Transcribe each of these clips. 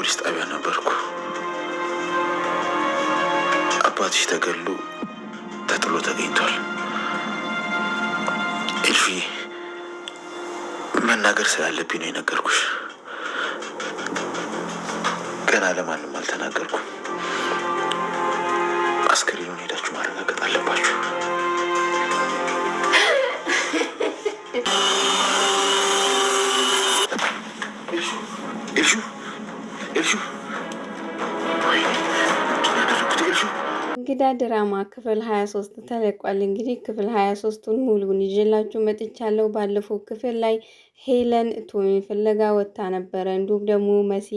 ፖሊስ ጣቢያ ነበርኩ። አባትሽ ተገሎ ተጥሎ ተገኝቷል። ኤልፊ መናገር ስላለብኝ ነው የነገርኩሽ። ገና ለማንም አልተናገርኩም። ድራማ ክፍል 23 ተለቋል። እንግዲህ ክፍል 23ቱን ሙሉን ይዤላችሁ መጥቻለሁ። ባለፈው ክፍል ላይ ሄለን ቶሚ ፍለጋ ወጥታ ነበረ። እንዲሁም ደግሞ መሲ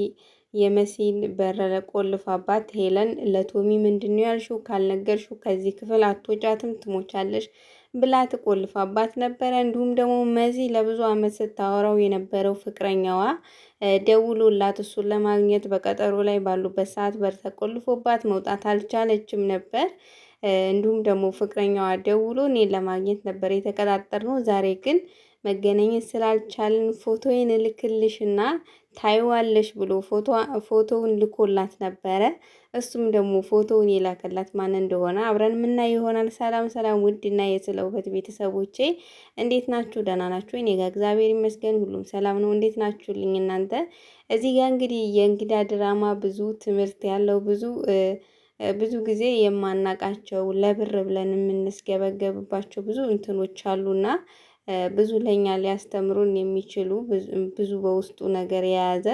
የመሲን በረረ ቆልፋባት ሄለን ለቶሚ ምንድን ነው ያልሽው? ካልነገርሽው ከዚህ ክፍል አትወጫትም፣ ትሞቻለሽ ብላ ትቆልፋባት ነበረ። እንዲሁም ደግሞ መዚህ ለብዙ አመት ስታወራው የነበረው ፍቅረኛዋ ደውሎላት እሱን ለማግኘት በቀጠሮ ላይ ባሉበት ሰዓት በር ተቆልፎባት መውጣት አልቻለችም ነበር። እንዲሁም ደግሞ ፍቅረኛዋ ደውሎ እኔን ለማግኘት ነበር ነው ዛሬ ግን መገናኘት ስላልቻልን ፎቶዬን እልክልሽና ታይዋለሽ ብሎ ፎቶውን ልኮላት ነበረ። እሱም ደግሞ ፎቶውን የላከላት ማን እንደሆነ አብረን ምና ይሆናል። ሰላም ሰላም! ውድ የስለ ውበት ቤተሰቦቼ እንዴት ናችሁ? ደህና ናችሁ? እኔ ጋር እግዚአብሔር ይመስገን ሁሉም ሰላም ነው። እንዴት ናችሁልኝ እናንተ? እዚህ ጋር እንግዲህ የእንግዳ ድራማ ብዙ ትምህርት ያለው ብዙ ብዙ ጊዜ የማናቃቸው ለብር ብለን የምንስገበገብባቸው ብዙ እንትኖች አሉና ብዙ ለኛ ሊያስተምሩን የሚችሉ ብዙ በውስጡ ነገር የያዘ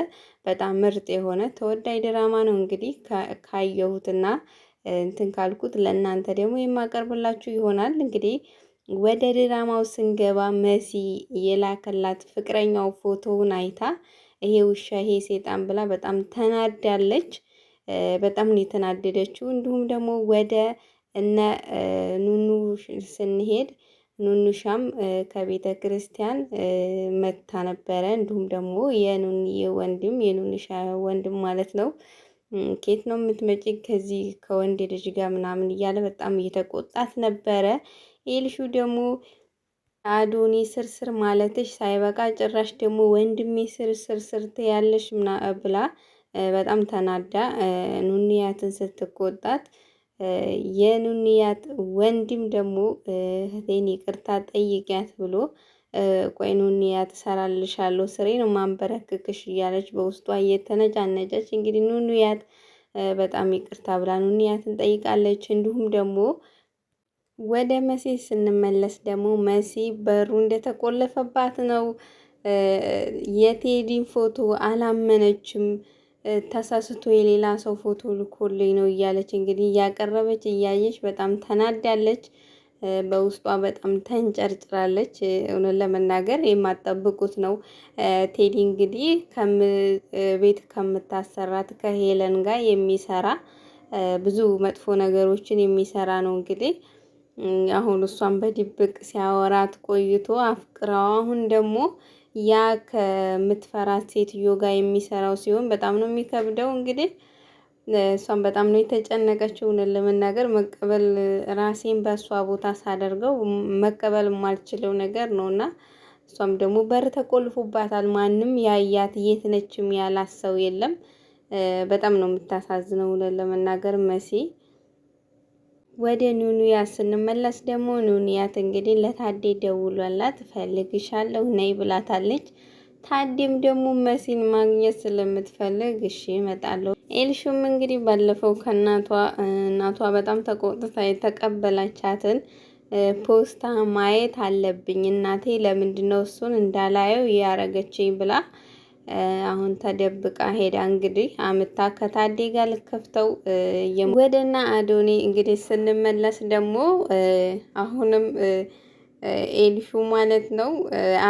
በጣም ምርጥ የሆነ ተወዳጅ ድራማ ነው። እንግዲህ ካየሁትና እንትን ካልኩት ለእናንተ ደግሞ የማቀርብላችሁ ይሆናል። እንግዲህ ወደ ድራማው ስንገባ መሲ የላከላት ፍቅረኛው ፎቶውን አይታ ይሄ ውሻ ይሄ ሴጣን ብላ በጣም ተናዳለች። በጣም ነው የተናደደችው። እንዲሁም ደግሞ ወደ እነ ኑኑ ስንሄድ ኑኑሻም ከቤተ ክርስቲያን መታ ነበረ። እንዲሁም ደግሞ የኑንዬ ወንድም የኑንሻ ወንድም ማለት ነው ኬት ነው የምትመጪ ከዚህ ከወንድ ልጅ ጋር ምናምን እያለ በጣም እየተቆጣት ነበረ። ይልሹ ደግሞ አዶኒ ስርስር ማለትሽ ሳይበቃ ጭራሽ ደግሞ ወንድሜ ስርስር ስርት ያለሽ ብላ በጣም ተናዳ ኑንያትን ስትቆጣት የኑንያት ወንድም ደግሞ እህቴን ይቅርታ ጠይቂያት ብሎ ቆይ ኑንያት እሰራልሻለሁ ስሬ ነው ማንበረክክሽ እያለች በውስጧ እየተነጫነጨች እንግዲህ ኑንያት በጣም ይቅርታ ብላ ኑንያትን ጠይቃለች። እንዲሁም ደግሞ ወደ መሲ ስንመለስ ደግሞ መሲ በሩ እንደተቆለፈባት ነው። የቴዲን ፎቶ አላመነችም። ተሳስቶ የሌላ ሰው ፎቶ ልኮልኝ ነው እያለች እንግዲህ እያቀረበች እያየች በጣም ተናዳለች። በውስጧ በጣም ተንጨርጭራለች። እውነት ለመናገር የማጠብቁት ነው። ቴዲ እንግዲህ ቤት ከምታሰራት ከሄለን ጋር የሚሰራ ብዙ መጥፎ ነገሮችን የሚሰራ ነው እንግዲህ አሁን እሷን በድብቅ ሲያወራት ቆይቶ አፍቅራው አሁን ደግሞ ያ ከምትፈራት ሴትዮ ጋር የሚሰራው ሲሆን በጣም ነው የሚከብደው። እንግዲህ እሷን በጣም ነው የተጨነቀችውን ለመናገር መቀበል ራሴን በእሷ ቦታ ሳደርገው መቀበል የማልችለው ነገር ነው እና እሷም ደግሞ በር ተቆልፎባታል። ማንም ያያት የት ነችም ያላት ሰው የለም። በጣም ነው የምታሳዝነው ለመናገር መሲ ወደ ኑኑያ ስንመለስ ደግሞ ኑኑያት እንግዲህ ለታዴ ደውሏላት ፈልግሻለሁ ነይ ብላታለች። ታዴም ደግሞ መሲን ማግኘት ስለምትፈልግ እሺ እመጣለሁ። ኤልሹም እንግዲህ ባለፈው ከእናቷ እናቷ በጣም ተቆጥታ የተቀበላቻትን ፖስታ ማየት አለብኝ እናቴ ለምንድነው እሱን እንዳላየው እያረገችኝ ብላ አሁን ተደብቃ ሄዳ እንግዲህ አምታ ከታዴ ጋር ልከፍተው ወደና አዶኒ እንግዲህ ስንመለስ ደግሞ አሁንም ኤልሹ ማለት ነው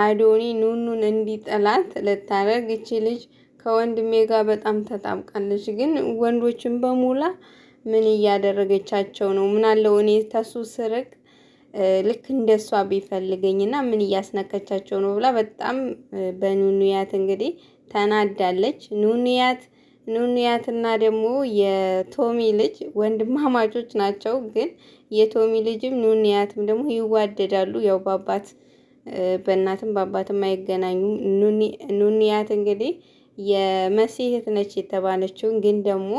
አዶኒ ኑኑን እንዲጠላት ልታደርግ እቺ ልጅ ከወንድሜ ጋር በጣም ተጣብቃለች። ግን ወንዶችን በሙላ ምን እያደረገቻቸው ነው? ምናለው እኔ ተሱ ስርቅ ልክ እንደሷ ቢፈልገኝና ምን እያስነከቻቸው ነው ብላ በጣም በኑኑያት እንግዲህ ተናዳለች። ኑኑያት ኑኑያትና ደግሞ የቶሚ ልጅ ወንድማማቾች ናቸው። ግን የቶሚ ልጅም ኑኑያትም ደግሞ ይዋደዳሉ። ያው በአባት በእናትም በአባትም አይገናኙም። ኑኑያት እንግዲህ የመሲህት ነች የተባለችውን ግን ደግሞ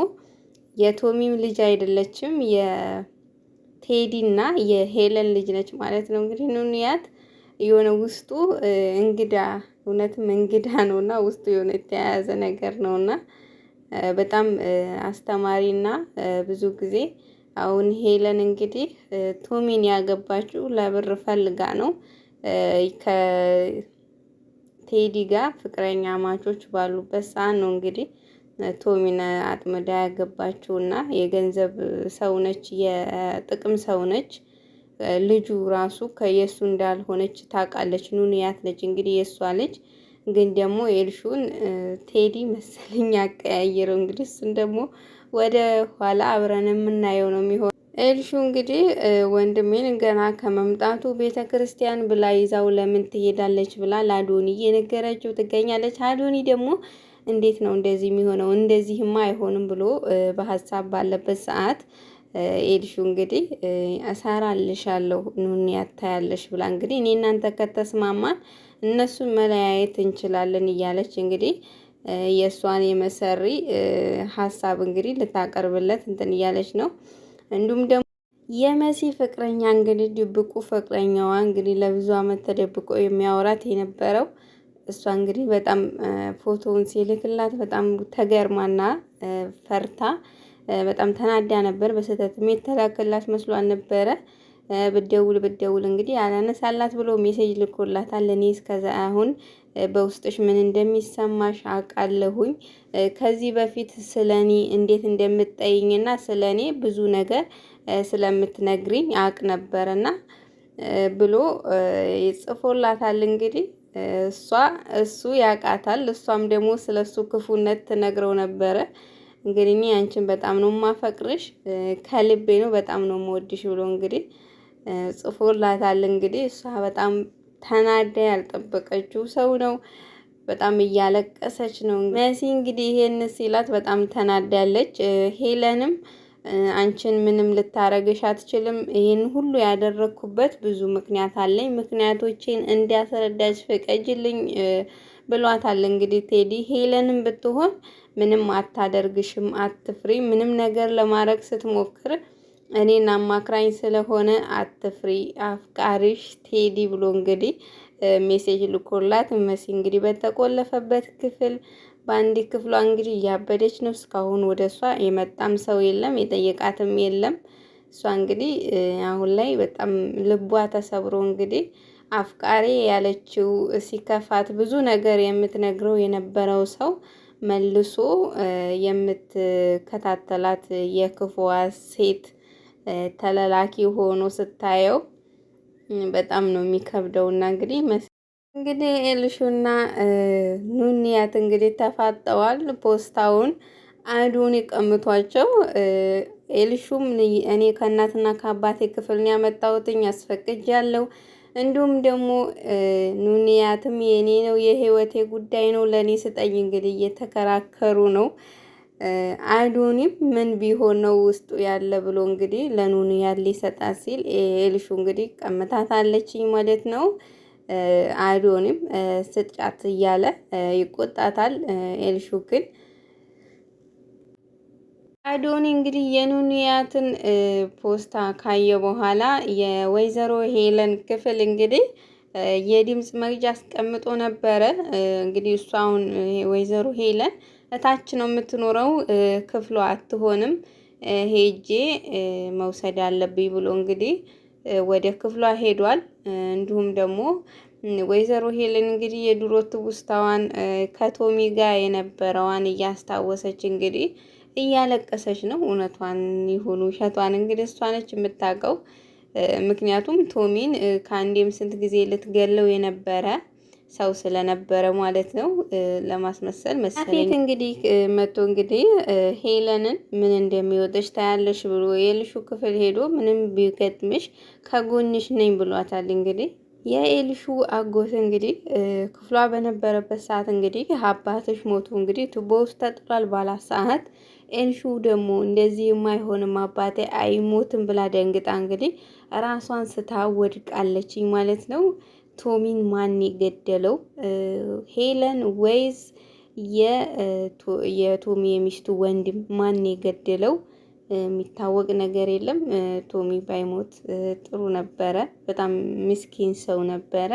የቶሚም ልጅ አይደለችም ቴዲ እና የሄለን ልጅ ነች ማለት ነው። እንግዲህ ኑንያት የሆነ ውስጡ እንግዳ እውነትም እንግዳ ነው እና ውስጡ የሆነ የተያያዘ ነገር ነው እና በጣም አስተማሪ እና ብዙ ጊዜ አሁን ሄለን እንግዲህ ቶሚን ያገባችው ለብር ፈልጋ ነው። ከቴዲ ጋር ፍቅረኛ ማቾች ባሉበት ሰዓት ነው እንግዲህ ቶሚን አጥምዳ ያገባችውና የገንዘብ ሰው ነች፣ የጥቅም ሰው ነች። ልጁ ራሱ ከየሱ እንዳልሆነች ታውቃለች። ያት ነች እንግዲህ የእሷ ልጅ ግን ደግሞ ኤልሹን ቴዲ መሰለኝ አቀያየረው። እንግዲህ እሱን ደግሞ ወደ ኋላ አብረን የምናየው ነው የሚሆነው። ኤልሹ እንግዲህ ወንድሜን ገና ከመምጣቱ ቤተ ክርስቲያን ብላ ይዛው ለምን ትሄዳለች ብላ ለአዶኒ እየነገረችው ትገኛለች። አዶኒ ደግሞ እንዴት ነው እንደዚህ የሚሆነው? እንደዚህማ አይሆንም ብሎ በሀሳብ ባለበት ሰዓት ኤልሹ እንግዲህ እሰራልሻለሁ ኑን ያታያለሽ ብላ እንግዲህ እኔ እናንተ ከተስማማን እነሱን መለያየት እንችላለን እያለች እንግዲህ የእሷን የመሰሪ ሀሳብ እንግዲህ ልታቀርብለት እንትን እያለች ነው። እንዲሁም ደግሞ የመሲ ፍቅረኛ እንግዲህ ድብቁ ፍቅረኛዋ እንግዲህ ለብዙ ዓመት ተደብቆ የሚያወራት የነበረው እሷ እንግዲህ በጣም ፎቶውን ሲልክላት በጣም ተገርማና ፈርታ በጣም ተናዳ ነበር። በስህተትም የተላከላት መስሏን ነበረ። ብደውል ብደውል እንግዲህ አላነሳላት ብሎ ሜሴጅ ልኮላታል። እኔ እስከዛ አሁን በውስጥሽ ምን እንደሚሰማሽ አውቃለሁኝ። ከዚህ በፊት ስለኔ እንዴት እንደምትጠይኝና ስለኔ ብዙ ነገር ስለምትነግሪኝ አውቅ ነበርና ብሎ ይጽፎላታል እንግዲህ እሷ እሱ ያውቃታል። እሷም ደግሞ ስለ እሱ ክፉነት ትነግረው ነበረ። እንግዲህ እኔ አንቺን በጣም ነው የማፈቅርሽ ከልቤ ነው በጣም ነው የምወድሽ ብሎ እንግዲህ ጽፎላታል። እንግዲህ እሷ በጣም ተናዳ ያልጠበቀችው ሰው ነው። በጣም እያለቀሰች ነው መሲ እንግዲህ ይሄን ሲላት በጣም ተናዳለች። ሄለንም አንቺን ምንም ልታረግሽ አትችልም። ይህን ሁሉ ያደረግኩበት ብዙ ምክንያት አለኝ። ምክንያቶቼን እንዲያስረዳች ፍቀጅልኝ ብሏታል። እንግዲህ ቴዲ ሄለንም ብትሆን ምንም አታደርግሽም፣ አትፍሪ። ምንም ነገር ለማድረግ ስትሞክር እኔን አማክራኝ ስለሆነ አትፍሪ፣ አፍቃሪሽ ቴዲ ብሎ እንግዲህ ሜሴጅ ልኮላት መሲ እንግዲህ በተቆለፈበት ክፍል በአንድ ክፍሏ እንግዲህ እያበደች ነው። እስካሁን ወደ እሷ የመጣም ሰው የለም፣ የጠየቃትም የለም። እሷ እንግዲህ አሁን ላይ በጣም ልቧ ተሰብሮ እንግዲህ አፍቃሪ ያለችው ሲከፋት ብዙ ነገር የምትነግረው የነበረው ሰው መልሶ የምትከታተላት የክፉዋ ሴት ተለላኪ ሆኖ ስታየው በጣም ነው የሚከብደውና እንግዲህ እንግዲህ ኤልሹና ኑንያት እንግዲህ ተፋጠዋል። ፖስታውን አዱን ይቀምቷቸው። ኤልሹም እኔ ከእናትና ከአባቴ ክፍል ነው ያመጣሁትኝ አስፈቅጃለሁ። እንዲሁም ደግሞ ኑንያትም የእኔ ነው የህይወቴ ጉዳይ ነው ለእኔ ስጠኝ እንግዲህ እየተከራከሩ ነው። አዱኒም ምን ቢሆን ነው ውስጡ ያለ ብሎ እንግዲህ ለኑንያት ሊሰጣት ሲል ኤልሹ እንግዲህ ቀምታታለችኝ ማለት ነው። አዶንም ስጫት እያለ ይቆጣታል። ኤልሹ ግን አዶኒ እንግዲህ የኑንያትን ፖስታ ካየ በኋላ የወይዘሮ ሄለን ክፍል እንግዲህ የድምፅ መግጃ አስቀምጦ ነበረ። እንግዲህ እሷ አሁን ወይዘሮ ሄለን እታች ነው የምትኖረው፣ ክፍሏ አትሆንም፣ ሄጄ መውሰድ አለብኝ ብሎ እንግዲህ ወደ ክፍሏ ሄዷል። እንዲሁም ደግሞ ወይዘሮ ሄለን እንግዲህ የድሮ ትውስታዋን ከቶሚ ጋር የነበረዋን እያስታወሰች እንግዲህ እያለቀሰች ነው። እውነቷን ይሁን ውሸቷን እንግዲህ እሷ ነች የምታውቀው። ምክንያቱም ቶሚን ከአንዴም ስንት ጊዜ ልትገለው የነበረ ሰው ስለነበረ ማለት ነው ለማስመሰል መሰለኝ። እንግዲህ መቶ እንግዲህ ሄለንን ምን እንደሚወጥሽ ታያለሽ ብሎ የልሹ ክፍል ሄዶ ምንም ቢገጥምሽ ከጎንሽ ነኝ ብሏታል። እንግዲህ የኤልሹ አጎት እንግዲህ ክፍሏ በነበረበት ሰዓት እንግዲህ አባትሽ ሞቱ እንግዲህ ቱቦ ውስጥ ተጥሏል ባላት ሰዓት ኤልሹ ደግሞ እንደዚህ የማይሆንም አባቴ አይሞትም ብላ ደንግጣ እንግዲህ ራሷን ስታ ወድቃለች ማለት ነው። ቶሚን ማን የገደለው? ሄለን ወይዝ የቶሚ የሚስቱ ወንድም ማን የገደለው? የሚታወቅ ነገር የለም። ቶሚ ባይሞት ጥሩ ነበረ። በጣም ምስኪን ሰው ነበረ።